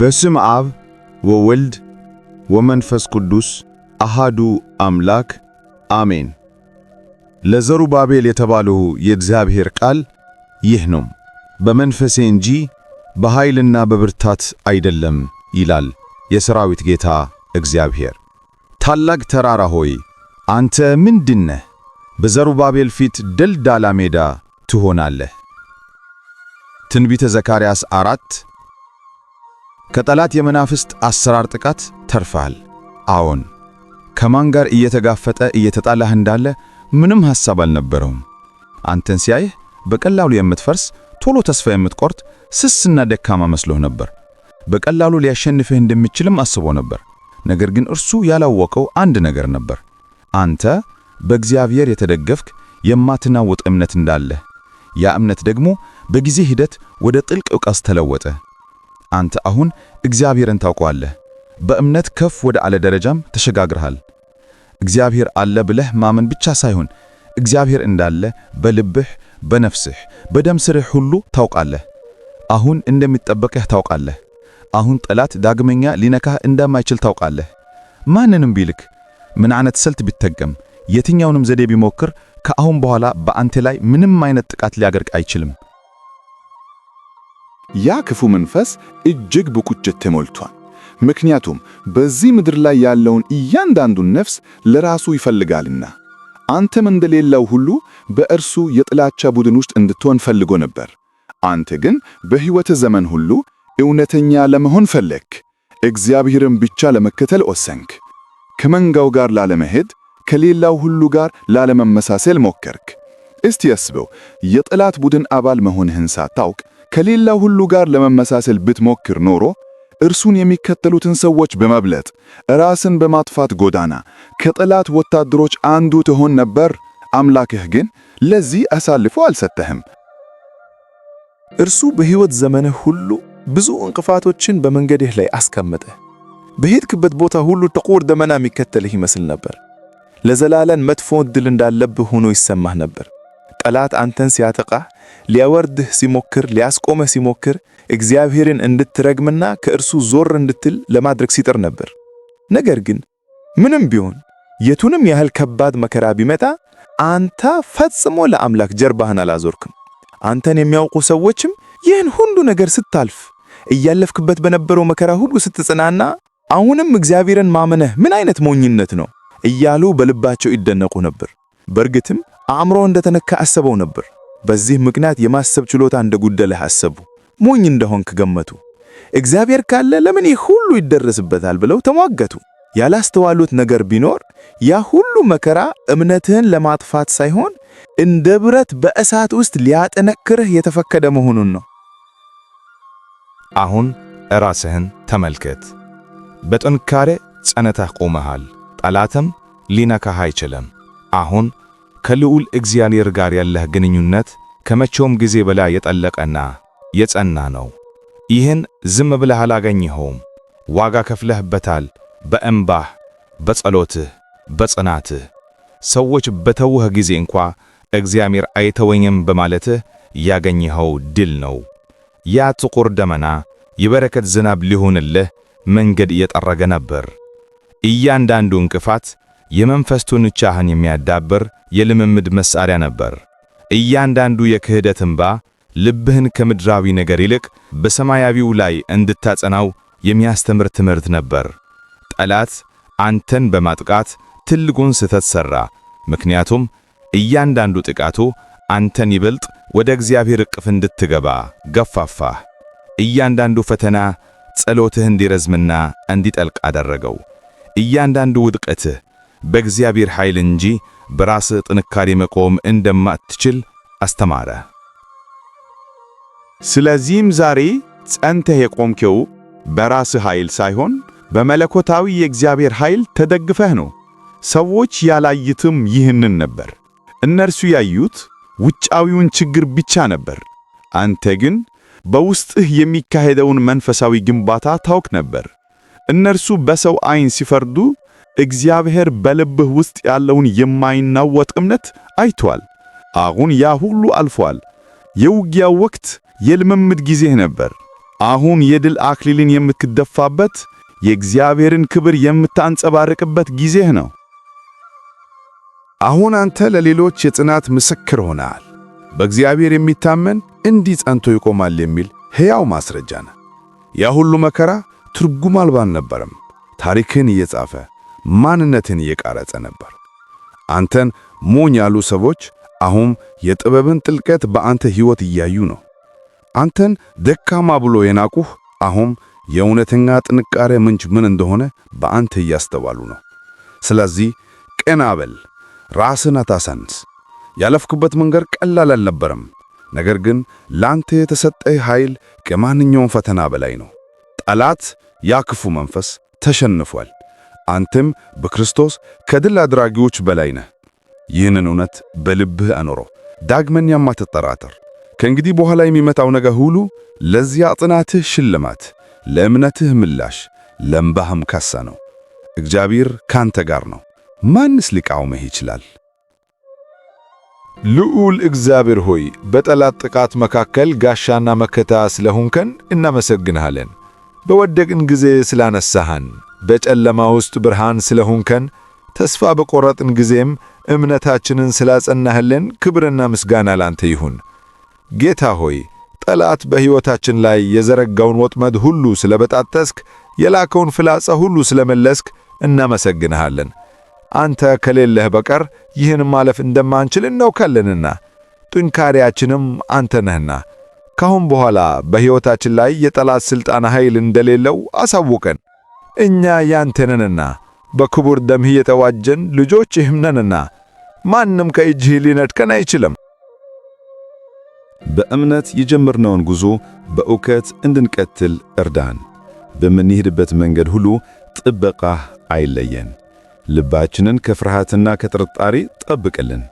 በስም አብ ወወልድ ወመንፈስ ቅዱስ አሃዱ አምላክ አሜን። ለዘሩባቤል የተባለው የእግዚአብሔር ቃል ይህ ነው። በመንፈሴ እንጂ በኃይልና በብርታት አይደለም ይላል የሰራዊት ጌታ እግዚአብሔር። ታላቅ ተራራ ሆይ አንተ ምንድነህ? በዘሩባቤል ፊት ደልዳላ ሜዳ ትሆናለህ። ትንቢተ ዘካርያስ አራት ከጠላት የመናፍስት አሰራር ጥቃት ተርፈሃል። አዎን፣ ከማን ጋር እየተጋፈጠ እየተጣላህ እንዳለ ምንም ሐሳብ አልነበረውም። አንተን ሲያይህ በቀላሉ የምትፈርስ ቶሎ ተስፋ የምትቆርጥ ስስና ደካማ መስሎህ ነበር። በቀላሉ ሊያሸንፍህ እንደሚችልም አስቦ ነበር። ነገር ግን እርሱ ያላወቀው አንድ ነገር ነበር። አንተ በእግዚአብሔር የተደገፍክ የማትናወጥ እምነት እንዳለህ። ያ እምነት ደግሞ በጊዜ ሂደት ወደ ጥልቅ ዕውቀት ተለወጠ። አንተ አሁን እግዚአብሔርን ታውቀዋለህ። በእምነት ከፍ ወደ አለ ደረጃም ተሸጋግረሃል። እግዚአብሔር አለ ብለህ ማመን ብቻ ሳይሆን እግዚአብሔር እንዳለ በልብህ፣ በነፍስህ፣ በደም ስርህ ሁሉ ታውቃለህ። አሁን እንደሚጠበቅህ ታውቃለህ። አሁን ጠላት ዳግመኛ ሊነካህ እንደማይችል ታውቃለህ። ማንንም ቢልክ፣ ምን አይነት ስልት ቢተገም፣ የትኛውንም ዘዴ ቢሞክር ከአሁን በኋላ በአንተ ላይ ምንም አይነት ጥቃት ሊያደርግ አይችልም። ያ ክፉ መንፈስ እጅግ በቁጭት ተሞልቷል። ምክንያቱም በዚህ ምድር ላይ ያለውን እያንዳንዱን ነፍስ ለራሱ ይፈልጋልና አንተም እንደሌላው ሁሉ በእርሱ የጥላቻ ቡድን ውስጥ እንድትሆን ፈልጎ ነበር። አንተ ግን በሕይወት ዘመን ሁሉ እውነተኛ ለመሆን ፈለክ። እግዚአብሔርን ብቻ ለመከተል ወሰንክ። ከመንጋው ጋር ላለመሄድ፣ ከሌላው ሁሉ ጋር ላለመመሳሰል ሞከርክ። እስቲ አስበው የጠላት ቡድን አባል መሆንህን ሳታውቅ ከሌላ ሁሉ ጋር ለመመሳሰል ብትሞክር ኖሮ እርሱን የሚከተሉትን ሰዎች በመብለጥ ራስን በማጥፋት ጎዳና ከጠላት ወታደሮች አንዱ ትሆን ነበር። አምላክህ ግን ለዚህ አሳልፎ አልሰጠህም። እርሱ በሕይወት ዘመንህ ሁሉ ብዙ እንቅፋቶችን በመንገድህ ላይ አስቀመጠ። በሄድክበት ቦታ ሁሉ ጥቁር ደመና የሚከተልህ ይመስል ነበር። ለዘላለም መጥፎ ዕድል እንዳለብህ ሆኖ ይሰማህ ነበር። ጠላት አንተን ሲያጠቃህ ሊያወርድህ ሲሞክር ሊያስቆመህ ሲሞክር እግዚአብሔርን እንድትረግምና ከእርሱ ዞር እንድትል ለማድረግ ሲጥር ነበር። ነገር ግን ምንም ቢሆን የቱንም ያህል ከባድ መከራ ቢመጣ አንተ ፈጽሞ ለአምላክ ጀርባህን አላዞርክም። አንተን የሚያውቁ ሰዎችም ይህን ሁሉ ነገር ስታልፍ እያለፍክበት በነበረው መከራ ሁሉ ስትጽናና አሁንም እግዚአብሔርን ማመነህ ምን አይነት ሞኝነት ነው እያሉ በልባቸው ይደነቁ ነበር። በእርግጥም አእምሮ እንደተነካ አሰበው ነበር። በዚህ ምክንያት የማሰብ ችሎታ እንደጎደለህ አሰቡ። ሞኝ እንደሆንክ ገመቱ። እግዚአብሔር ካለ ለምን ይህ ሁሉ ይደረስበታል ብለው ተሟገቱ። ያላስተዋሉት ነገር ቢኖር ያ ሁሉ መከራ እምነትህን ለማጥፋት ሳይሆን እንደ ብረት በእሳት ውስጥ ሊያጠነክርህ የተፈከደ መሆኑን ነው። አሁን ራስህን ተመልከት። በጥንካሬ ጸንተህ ቆመሃል። ጠላትም ሊነካህ አይችልም። አሁን ከልዑል እግዚአብሔር ጋር ያለህ ግንኙነት ከመቼውም ጊዜ በላይ የጠለቀና የጸና ነው። ይህን ዝም ብለህ አላገኘኸውም። ዋጋ ከፍለህበታል። በእምባህ፣ በጸሎትህ፣ በጽናትህ ሰዎች በተውህ ጊዜ እንኳ እግዚአብሔር አይተወኝም በማለትህ ያገኘኸው ድል ነው። ያ ጥቁር ደመና የበረከት ዝናብ ሊሆንልህ መንገድ እየጠረገ ነበር። እያንዳንዱ እንቅፋት የመንፈስ ቻህን የሚያዳብር የልምምድ መሳሪያ ነበር። እያንዳንዱ የክህደት እንባ ልብህን ከምድራዊ ነገር ይልቅ በሰማያዊው ላይ እንድታጸናው የሚያስተምር ትምህርት ነበር። ጠላት አንተን በማጥቃት ትልቁን ስህተት ሠራ፣ ምክንያቱም እያንዳንዱ ጥቃቱ አንተን ይበልጥ ወደ እግዚአብሔር እቅፍ እንድትገባ ገፋፋህ። እያንዳንዱ ፈተና ጸሎትህ እንዲረዝምና እንዲጠልቅ አደረገው። እያንዳንዱ ውድቀትህ በእግዚአብሔር ኃይል እንጂ በራስ ጥንካሬ መቆም እንደማትችል አስተማረ። ስለዚህም ዛሬ ጸንተህ የቆምከው በራስ ኃይል ሳይሆን በመለኮታዊ የእግዚአብሔር ኃይል ተደግፈህ ነው። ሰዎች ያላዩትም ይህንን ነበር። እነርሱ ያዩት ውጫዊውን ችግር ብቻ ነበር። አንተ ግን በውስጥህ የሚካሄደውን መንፈሳዊ ግንባታ ታውቅ ነበር። እነርሱ በሰው አይን ሲፈርዱ እግዚአብሔር በልብህ ውስጥ ያለውን የማይናወጥ እምነት አይቷል። አሁን ያ ሁሉ አልፏል። የውጊያው ወቅት የልምምድ ጊዜህ ነበር። አሁን የድል አክሊልን የምትደፋበት፣ የእግዚአብሔርን ክብር የምታንጸባርቅበት ጊዜህ ነው። አሁን አንተ ለሌሎች የጽናት ምስክር ሆነሃል። በእግዚአብሔር የሚታመን እንዲህ ጸንቶ ይቆማል የሚል ሕያው ማስረጃ ነህ። ያ ሁሉ መከራ ትርጉም አልባ አልነበረም፤ ታሪክን እየጻፈ ማንነትን እየቀረጸ ነበር። አንተን ሞኝ ያሉ ሰዎች አሁን የጥበብን ጥልቀት በአንተ ሕይወት እያዩ ነው። አንተን ደካማ ብሎ የናቁህ አሁን የእውነተኛ ጥንካሬ ምንጭ ምን እንደሆነ በአንተ እያስተዋሉ ነው። ስለዚህ ቀና በል፣ ራስን አታሳንስ። ያለፍክበት መንገድ ቀላል አልነበረም፣ ነገር ግን ላንተ የተሰጠህ ኃይል ከማንኛውም ፈተና በላይ ነው። ጠላት ያ ክፉ መንፈስ ተሸንፏል። አንተም በክርስቶስ ከድል አድራጊዎች በላይ ነህ። ይህንን እውነት በልብህ አኖረው፣ ዳግመኛም አትጠራጠር። ከእንግዲህ በኋላ የሚመጣው ነገር ሁሉ ለዚያ ጥናትህ ሽልማት፣ ለእምነትህ ምላሽ፣ ለእንባህም ካሳ ነው። እግዚአብሔር ካንተ ጋር ነው፤ ማንስ ሊቃወምህ ይችላል? ልዑል እግዚአብሔር ሆይ በጠላት ጥቃት መካከል ጋሻና መከታ ስለሆንከን እናመሰግንሃለን። በወደቅን ጊዜ ስላነሳሃን በጨለማ ውስጥ ብርሃን ስለሆንከን፣ ተስፋ በቆረጥን ጊዜም እምነታችንን ስላጸናህልን ክብርና ምስጋና ላንተ ይሁን። ጌታ ሆይ ጠላት በሕይወታችን ላይ የዘረጋውን ወጥመድ ሁሉ ስለበጣጠስክ፣ የላከውን ፍላጻ ሁሉ ስለመለስክ እናመሰግንሃለን። አንተ ከሌለህ በቀር ይህን ማለፍ እንደማንችል እናውቃለንና ጥንካሬያችንም አንተ ነህና። ካሁን በኋላ በሕይወታችን ላይ የጠላት ሥልጣን ኃይል እንደሌለው አሳውቀን። እኛ ያንተነንና በክቡር ደምህ የተዋጀን ልጆችህ ነንና ማንም ከእጅህ ሊነጥቀን አይችልም። በእምነት የጀመርነውን ጉዞ በእውቀት እንድንቀጥል እርዳን። በምንሄድበት መንገድ ሁሉ ጥበቃህ አይለየን። ልባችንን ከፍርሃትና ከጥርጣሬ ጠብቅልን።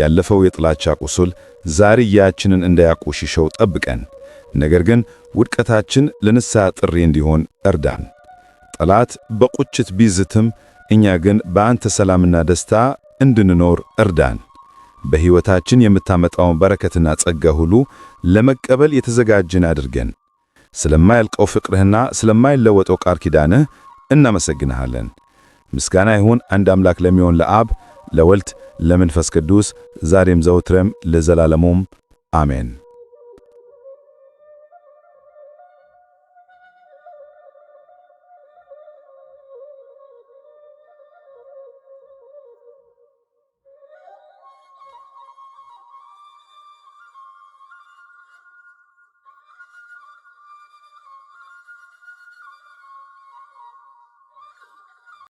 ያለፈው የጥላቻ ቁስል ዛርያችንን እንዳያቆሽሸው ጠብቀን። ነገር ግን ውድቀታችን ለንስሐ ጥሪ እንዲሆን እርዳን። ጠላት በቁጭት ቢዝትም፣ እኛ ግን በአንተ ሰላምና ደስታ እንድንኖር እርዳን። በሕይወታችን የምታመጣውን በረከትና ጸጋ ሁሉ ለመቀበል የተዘጋጅን አድርገን። ስለማያልቀው ፍቅርህና ስለማይለወጠው ቃል ኪዳንህ እናመሰግንሃለን። ምስጋና ይሁን አንድ አምላክ ለሚሆን ለአብ ለወልድ ለመንፈስ ቅዱስ ዛሬም ዘውትረም ለዘላለሙም አሜን።